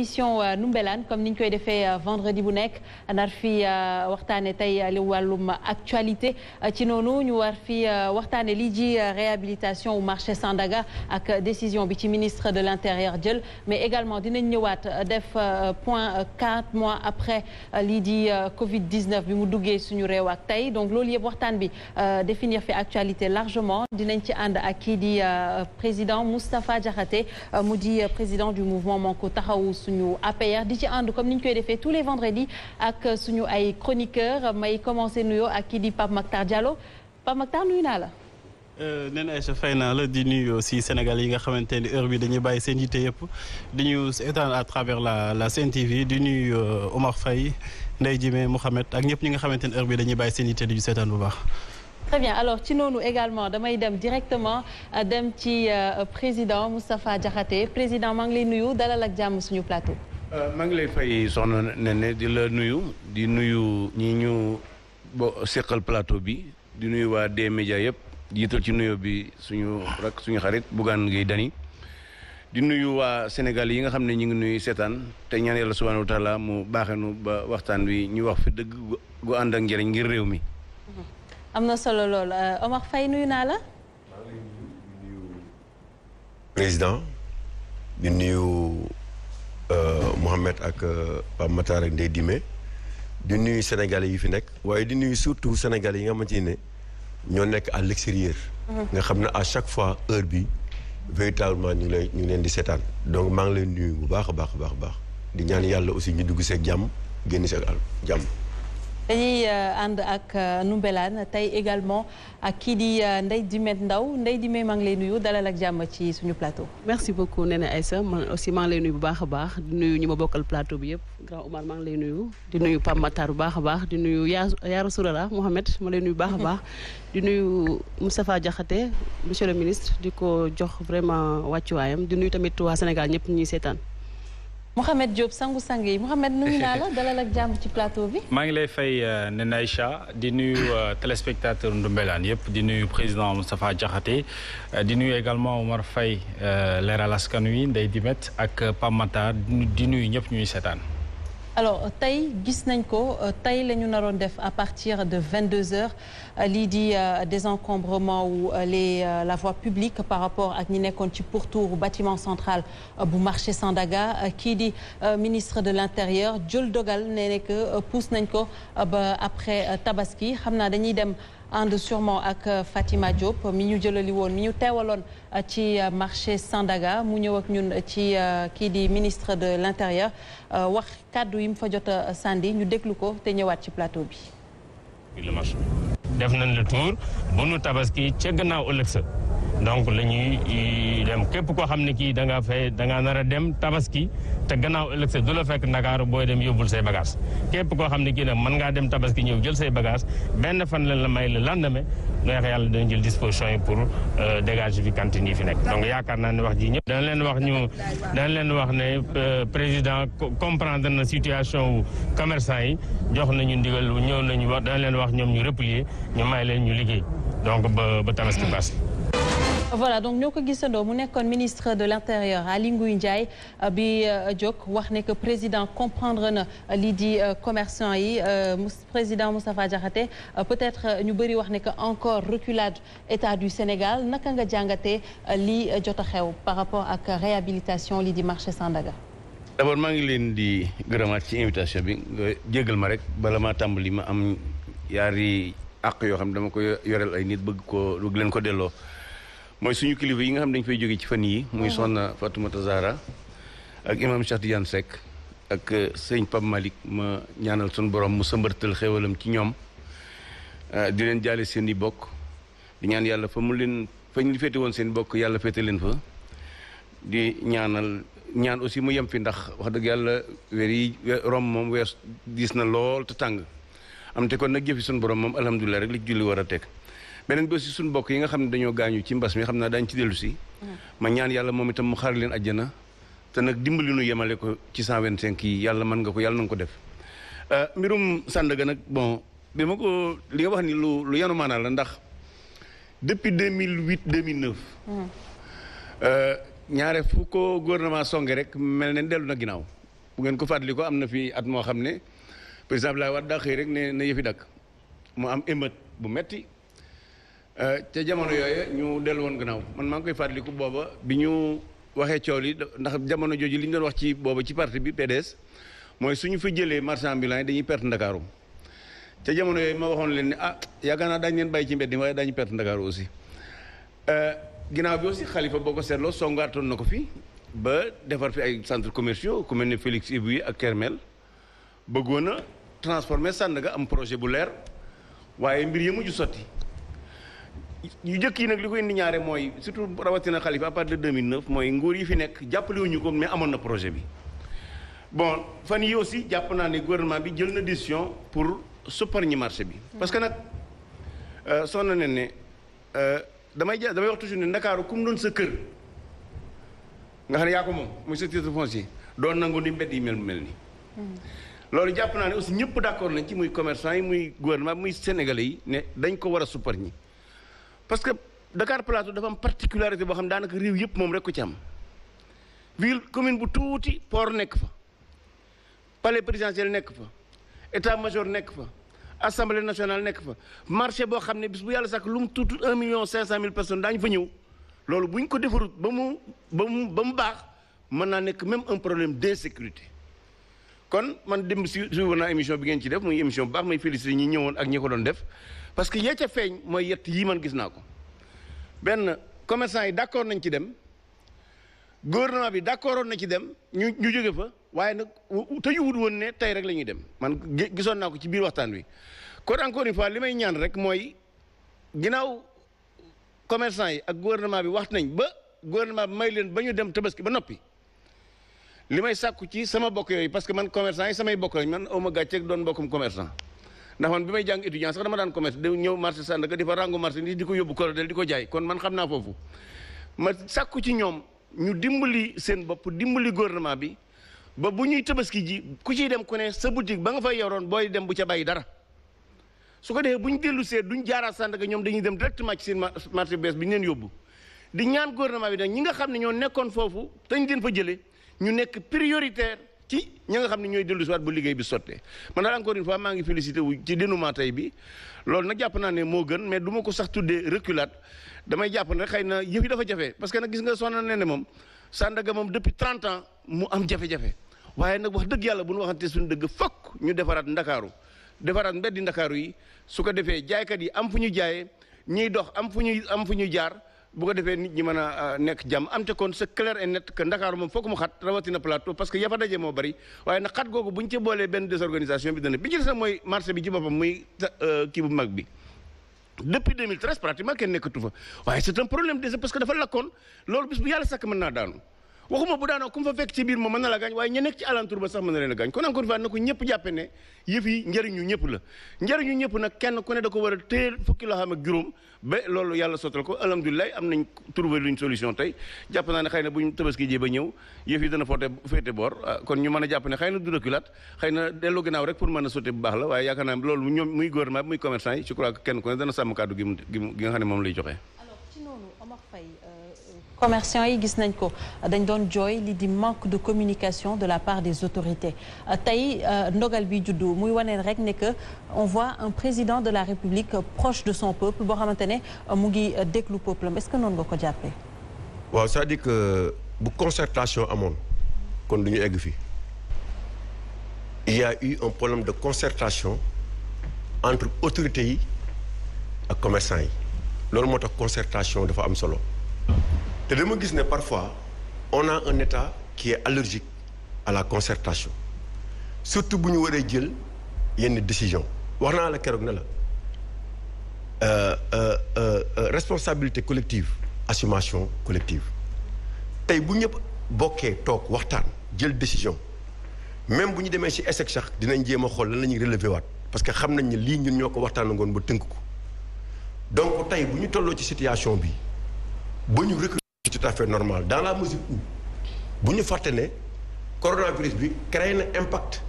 émission euh, Ndoumbélane comme ni ñu koy defee euh, vendredi bu nekk nar fi euh, waxtaane tey li wàllum actualité ci noonu ñu war fi waxtaane lii ji réhabilitation au marché Sandaga ak décision bi ci ministre de l'intérieur jël mais également dinañ ñëwaat def point quatre mois après lii di Covid 19 bi mu duggee suñu réew ak tey donc loolu yëpp waxtaan bi définir fi actualité largement dinañ ci ànd ak kii di président Moustapha Diakhaté mu président du mouvement Manko Taxawu suñu APR di ci ànd comme ni ñu koy defee tous les vendredis ak suñu ay chroniqueurs may commencé nuyoo ak kii di Pape Mactar Diallo Pape Mactar nuyu naa la. Euh, neen Aïcha fay naa la di nuyu aussi Sénégal yi nga xamante ni heure bi dañuy bàyyi seen yitte yëpp di ñu seetaan à travers la la Sen TV di nuy euh, Omar Faye Ndeye Jimé Mouhamed ak ñëpp ñi nga xamante ni heure bi dañuy bàyyi seen yitte di ñu seetaan bu baax. très bien alors ci noonu également damay dem directement euh, dem ci euh, président Moustapha Diakhaté président maa ngi lay nuyu dalal ak jàmm suñu plateau. Euh, maa ngi lay fay soxna Nene di la nuyu di nuyu ñi ñu bo seqal plateau bi di nuyu waa D-Média yëpp jiital ci nuyo bi suñu rak suñu xarit Bougane gi Dany di nuyu waa Sénégal yi nga xam ne ñu ngi nuyu seetaan te ñaan yàlla subhanahu wa mu mu nu ba waxtaan wi ñu wax fi dëgg gu ànd ak njëriñ ngir réew mi. Mhm. am na solo lool euh, Omar Faye nuyu naa la. président di nuyu euh, Mohamed ak euh, Pape Matar ak Ndeye Dime di nuyu sénégalais yi fi nekk waaye di nuyu surtout sénégalais yi nga xamante ne ñoo nekk à l'extérieur mhm. nga xam ne à chaque fois heure bi véritablement ñu lay ñu leen di seetaan donc maa ngi leen nuyu bu baax a baax a baax baax di ñaan yàlla aussi ñu dugg seeg jàmm génn seeg al jàmm dañuy euh, ànd ak euh, Noumbelane tey également ak kii di euh, Ndeye Dimet Ndaw ndey Dimet maa ngi lay nuyu dalal ak jàmm ci suñu plateau. merci beaucoup Néné Aïssa man aussi maa ngi lay nuyu bu baax a baax di nuyu ñi ma bokkal plateau bi yëpp grand Omar maa ngi lay nuyu. di nuyu Pape bu baax a baax di nuyu Yaa Rasulala Mohamed ma lay nuyu bu baax a baax. di nuyu Moustapha Diakhaté monsieur le ministre di ko jox vraiment wàccuwaayam di nuyu tamit waa Sénégal ñëpp ñuy seetaan. Mouhamed Diop sangu sang yi Mouhamed nuyu naa la dalal ak jàmm ci plateau bi. maa ngi lay fay euh, Nene Aïcha di nuyu euh, téléspectateur Ndoumbelane yëpp di nuyu président Moustapha Diakhaté euh, di nuyu également Omar Faye leeral askan wi Ndeye Dimet ak Pape di nuyu ñëpp ñuy seetaan. alors tey gis nañ ko tey la ñu naroon def à partir de 22 heures euh, lii di euh, désencombrement wu euh, les la voie publique par rapport ak ñi nekkoon ci pourtour bâtiment central bu marché Sandaga kii di ministre de l'intérieur jël dogal nee ne que nañ ko ba après tabaski xam naa dañuy dem ànd sûrement ak euh, Fatima Diop mi ñu jëlali woon mi ñu teewaloon euh, ci euh, marché Sandaga mu ñëw ak ñun ci kii di ministre de l'intérieur wax kàddu yi mu fa jot sandi ñu déglu ko te ñëwaat ci plateau bi. def nañ le tour ca gannaaw donc la ñuy dem képp koo xam ne kii da ngaa fay da ngaa nar a dem tabaski te gannaaw ëllëg sa du la fekk ndakaaru booy dem yóbbul say bagage képp koo xam ne kii nag man ngaa dem tabaski ñëw jël say bagage benn fan lañ la may le lendemain neex yàlla dañu jël disposition yi pour euh, dégager fi cantine yi fi nekk donc yaakaar naa ne wax ji ñëpp dana leen wax ñu dana leen wax ne euh, président comprendre na situation wu commerçant yi jox nañu ndigal ñëw nañu wax dana leen wax ñoom ñu replier ñu may leen ñu liggéey donc ba ba tabaski pass voilà donc ñoo ko gisandoo mu nekkoon ministre de l' intérieur Aly Ngouille Ndiaye euh, bi euh, jóg wax ne que président comprendre na euh, lii di commerçant yi président Moustapha Diakhaté peut-être ñu bëri wax ne que encore reculade état du Sénégal naka nga jàngatee li jot a xew par rapport ak réhabilitation li di marché Sandaga. d' abord maa ngi leen di gërëmaat ci invitation bi nga jégal ma rek bala maa tàmbali ma am yaari àq yoo xam dama ko yoreel ay nit bëgg ko bëgg leen ko delloo. mooy suñu kilifa yi nga xam dañ fay jóge ci fan nii muy mhm. soxna Fatoumata Zahra ak imam Cheikh Tidiane Seck ak euh, sëñ Pape Malick ma ñaanal suñu borom mu sëmbartal xéwalam ci ñoom euh, di leen jaale seen i bokk di ñaan yàlla fa mu leen fa ñu féete woon seen bokk yàlla féete leen fa di ñaanal ñaan aussi mu yem fi ndax wax dëgg yàlla weer yi rom moom weer diis na lool te tàng am te kon nag jëfi suñu borom moom alhamdulilah rek li julli war a teg beneen bi aussi suñu bokk yi nga xam ne dañoo gaañu ci mbas mi xam naa daañu ci dellu si ma ñaan yàlla moom itam mu xaar leen àjjana te nag dimbali nu yemale ko ci 125 yi yàlla mën nga ko yàlla na ko def euh, mbirum Sandaga nag bon bi ma ko li nga wax ni lu lu yanu maanaa la ndax depuis 2008 2009. Euh, ñaare fu ko gouvernement songe rek mel ne dellu na ginnaaw bu ngeen ko fàttali ko am na fi at moo xam ne président Abdoulaye Wade daa xëy rek ne na yëfi dakk mu am émeute bu metti te euh, jamono yooyu ñu dellu woon gannaaw man maa ngi koy fàttaliku booba bi ñu waxee coow li ndax jamono jooju li ñu doon wax ci booba ci parti bi PDS mooy suñu fi jëlee marchand ambulant yi dañuy perte Ndakaaru te jamono yooyu ma waxoon leen ne ah yaakaar naa daañu leen bàyyi ci mbedd mi waaye daañu perte Ndakaaru aussi euh, ginnaaw bi aussi xalifa boo ko seetloo songaatoon na ko fi ba defar fi ay centre commerciaux ku mel ne Félix Ibouy ak Kermel bëggoon a transformer Sandaga am projet bu leer waaye mbir ya sotti yu njëkk yi nag li ko indi ñaare mooy surtout rawatina Khalifa à partir de 2009 mooy nguur yi fi nekk jàppale jàppalewuñu ko mais amoon na projet bi bon fan yi aussi jàpp naa ne gouvernement bi jël na décision pour ñi marché bi. parce que nag euh, soxna ne ne euh, damay ja damay wax toujours ne ndakaaru ku mu doon sa kër nga xam ne yaa ko moom muy sa titre foncier doon nangu ni mbedd yi mel mel nii. Mm-hmm. loolu jàpp naa ne aussi ñëpp d'accord nañ ci muy commerçant yi muy gouvernement muy sénégalais yi ne dañ ko war a supparñi. parce que Dakar Plateau dafa am particularité boo xam daanaka réew yëpp moom rek ko ci am ville commune bu tuuti port nekk fa palais présidentiel nekk fa état major nekk fa assemblée nationale nekk fa marché boo xam ne bis bu yàlla sàkk lu mu tuuti un million cinq cent mille personnes daañu fa ñëw loolu bu ñu ko defarut ba mu ba mu ba mu baax mën naa nekk même un problème d'insécurité kon man dem si suivre naa émission bi ngeen ci def muy émission bu baax may féliciter ñi ak ñi ko doon def parce que yee ca feeñ mooy yett yii man gis naa ko benn commerçant yi d'accord nañ ci dem gouvernement bi d'accordoon na ci dem ñu ñu jóge fa waaye nag tëjuwut woon ne tey rek la ñuy dem man gisoon naa ko ci biir waxtaan wi. kon encore une fois li may ñaan rek mooy ginnaaw commerçant yi ak gouvernement bi wax nañ ba gouvernement bi may leen ba ñu dem tabaski ba noppi. li may sàkku ci sama bokk yooyu parce que man commerçant yi samay bokk lañ man awma gàcceeg doon mbokkum commerçant ndax man bi may jàng étudiant sax dama daan commerce da ñëw marché Sandaga di fa rango marché ni di ko yóbbu korodel di ko jaay kon man xam naa foofu ma sàkku ci ñoom ñu dimbali seen bopp dimbali gouvernement bi ba bu ñuy tabaski ji ku ciy dem ku ne sa boutique ba nga fay yoroon booy dem bu ca bàyyi dara su ko defee bu ñu dellu see duñ jaaraat Sandaga ñoom dañuy dem directement ci seen marché bees bi ñu leen yóbbu di ñaan gouvernement bi nag ñi nga xam ne ñoo nekkoon foofu te ñu fa jëlee ñu nekk prioritaire ci ñi nga xam ne ñooy dellu waat bu liggéey bi sottee man daal encore une maa ngi félicité wu ci dénouement tey bi loolu nag jàpp naa ne moo gën mais duma ko sax tuddee reculade damay jàpp ne xëy na yëf dafa jafe parce que na gis nga soxna ne ne moom Sandaga moom depuis 30 ans mu am jafe-jafe waaye nag wax dëgg yàlla bu ñu waxante suñu dëgg fokk ñu defaraat ndakaaru defaraat mbeddi ndakaaru yi su ko defee jaaykat yi am fu ñu jaayee ñiy dox am fu ñuy am fu ñu jaar bu ko defee nit ñi mën a euh, nekk jàmm am te kon c'est clair et net que Ndakaaru moom fokk mu xat rawatina plateau parce que yafa daje moo bari waaye nag xat googu bu ñu ci boolee benn désorganisation bi dana bi ci des mooy marché bi ci boppam muy euh, kii bu mag bi. depuis 2013 pratiquement kenn nekkatu fa waaye c'est un problème déjà parce que dafa lakkoon loolu bis bu yàlla sakk mën naa daanu. waxuma bu daanoo ku mu fa fekk ci biir moom mën na la gaañ waaye ñu ci alentour ba sax mën na leen a gaañ kon encore une fois na ko ñëpp jàppe ne yëf yi la njëriñu ñëpp nag kenn ku am naa ne xëy na bu ñu tabaski jee ba ñëw yëf yi ah, a jàpp ne xëy na du reculat xëy na dellu ginnaaw rek pour mën a sote bu baax la waaye yaakaar naa loolu muy gouvernement muy commerçant yi je crois kenn ku dana sàmm kàddu gi gi xam ne moom lay joxe commerçants yi gis nañ ko dañ doon jooy li di manque de communication de la part des autorités tey euh, ndogal bi juddu muy waneen rek ne que on voit un président de la République proche de son peuple boo xamante ne euh, mu ngi euh, déglu peuple am est-ce que noonu nga ko jàppee. waaw cest di que bu concertation amoon kon du ñu egg fii il y eu un problème de concertation entre autorités yi ak commerçants yi loolu moo tax concertation dafa am solo. te dama gis ne parfois on a un état qui est allergique à la concertation surtout bu ñu waree jël yenn décision wax naa la keroog ne la euh, euh, euh, responsabilité collective assumation collective tey bu ñëpp bokkee toog waxtaan jël décision même bu ñu demee ci échec sax dinañ jéem a xool lan la ñuy relever waat parce que xam nañ lii ñun ñoo ko waxtaan ngoon ba tënk ko donc tey bu ñu tolloo ci situation bi ba ñu tout à fait normal dans la mesure où bu ñu fàtte ne coronavirus bi créé na impact